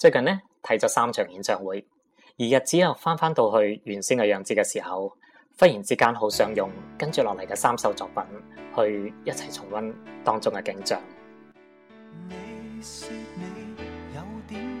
最近呢，睇咗三場演唱會，而日子又翻翻到去原先嘅樣子嘅時候，忽然之間好想用跟住落嚟嘅三首作品去一齊重溫當中嘅景象。你說你有點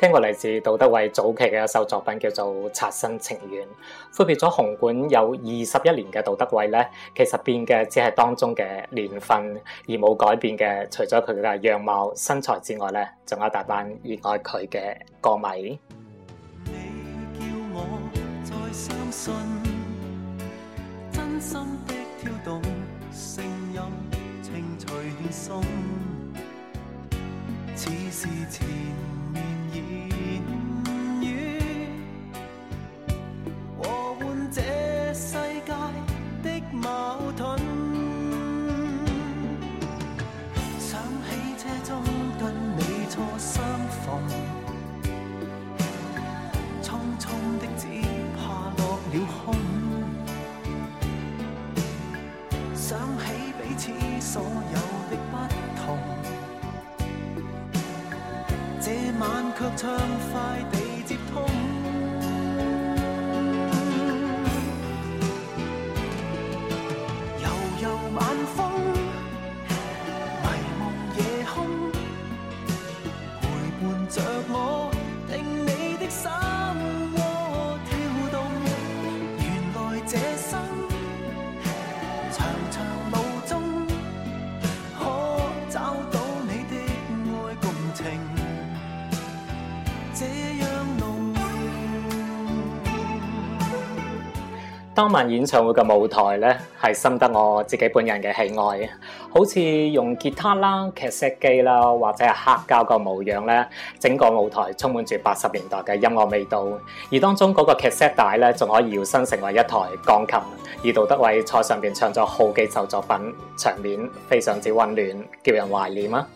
聽過嚟自杜德偉早期嘅一首作品叫做《擦身情緣》，分別咗紅館有二十一年嘅杜德偉咧，其實變嘅只係當中嘅年份，而冇改變嘅，除咗佢嘅樣貌、身材之外咧，仲有一大班熱愛佢嘅歌迷。你叫我再相信，真心的跳動，當晚演唱會嘅舞台咧，係深得我自己本人嘅喜愛，好似用吉他啦、劇石機啦，或者係黑膠個模樣咧，整個舞台充滿住八十年代嘅音樂味道。而當中嗰個卡式帶咧，仲可以搖身成為一台鋼琴。而杜德偉坐上邊唱咗好幾首作品，場面非常之温暖，叫人懷念啊！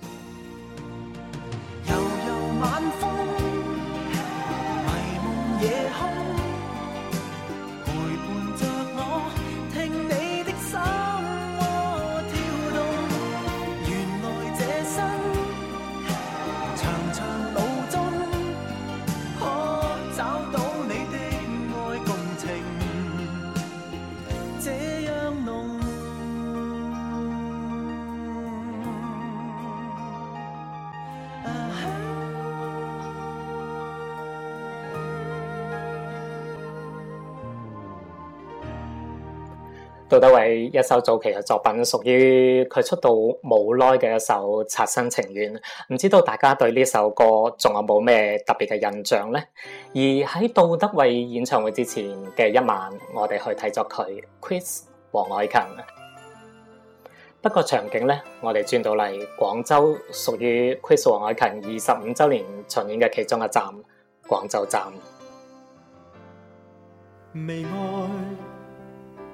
杜德偉一首早期嘅作品，屬於佢出道冇耐嘅一首《擦身情緣》，唔知道大家對呢首歌仲有冇咩特別嘅印象呢？而喺杜德偉演唱會之前嘅一晚，我哋去睇咗佢 Chris 黃凱芹。不過場景呢，我哋轉到嚟廣州，屬於 Chris 黃凱芹二十五週年巡演嘅其中一站——廣州站。未愛。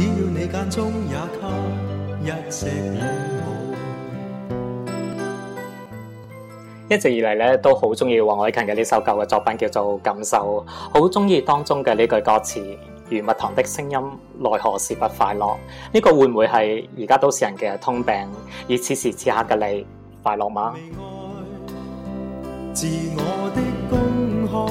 只要你間中也一直以嚟咧，都好中意黃凱芹嘅呢首舊嘅作品，叫做《感受》，好中意當中嘅呢句歌詞：如蜜糖的聲音，奈何是不快樂？呢、這個會唔會係而家都市人嘅通病？而此時此刻嘅你，快樂嗎？自我的公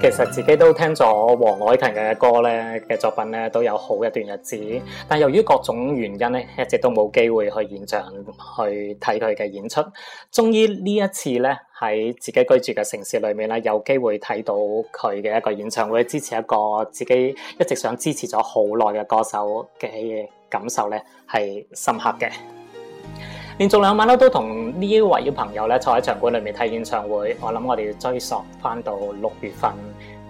其實自己都聽咗黃凱芹嘅歌咧、嘅作品咧，都有好一段日子，但由於各種原因咧，一直都冇機會去現場去睇佢嘅演出。終於呢一次咧，喺自己居住嘅城市裏面咧，有機會睇到佢嘅一個演唱會，支持一個自己一直想支持咗好耐嘅歌手嘅感受咧，係深刻嘅。連續兩晚都同呢位朋友咧坐喺場館裏面睇演唱會。我諗我哋要追溯翻到六月份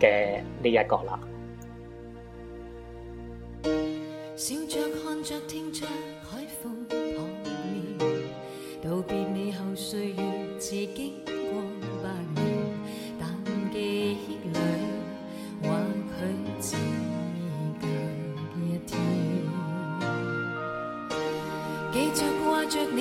嘅呢一個啦。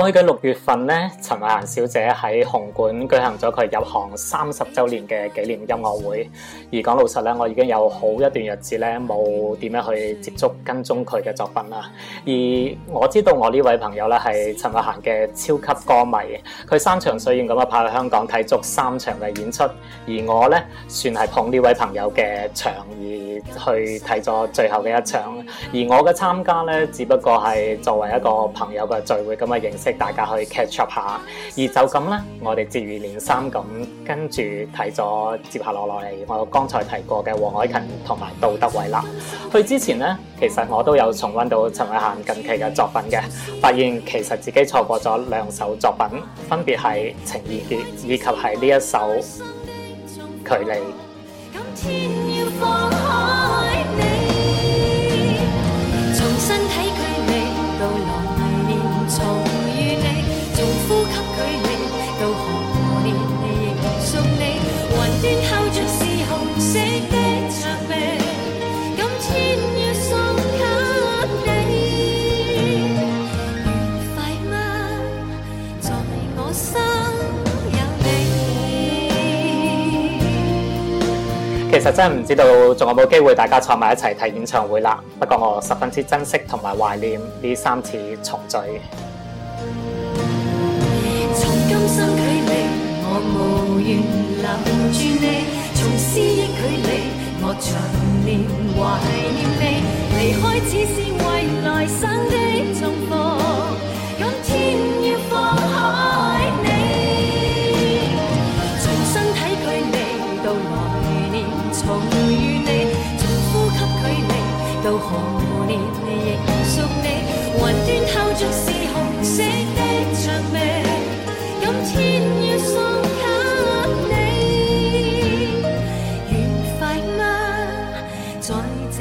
過去嘅六月份咧，陳慧嫻小姐喺紅館舉行咗佢入行三十周年嘅紀念音樂會。而講老實咧，我已經有好一段日子咧冇點樣去接觸、跟蹤佢嘅作品啦。而我知道我呢位朋友咧係陳慧嫻嘅超級歌迷，佢山長水遠咁啊跑去香港睇足三場嘅演出。而我咧算係捧呢位朋友嘅場而去睇咗最後嘅一場。而我嘅參加咧，只不過係作為一個朋友嘅聚會咁嘅形式。大家去 catch up 下，而就咁呢，我哋接二連三咁跟住睇咗接下落嚟，我剛才提過嘅黃海芹同埋杜德偉啦。去之前呢，其實我都有重温到陳慧嫻近期嘅作品嘅，發現其實自己錯過咗兩首作品，分別係《情意結》以及係呢一首《距離》。其實真係唔知道仲有冇機會大家坐埋一齊睇演唱會啦。不過我十分之珍惜同埋懷念呢三次重聚。從今生距離，我無